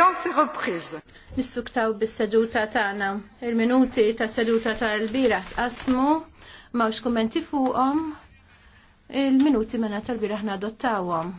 séance est reprise. Nissuktaw bis-seduta tagħna. Il-minuti ta' seduta tal-bira tqasmu m'hawnx kummenti fuqhom. Il-minuti mena tal-bira ħna adottawhom.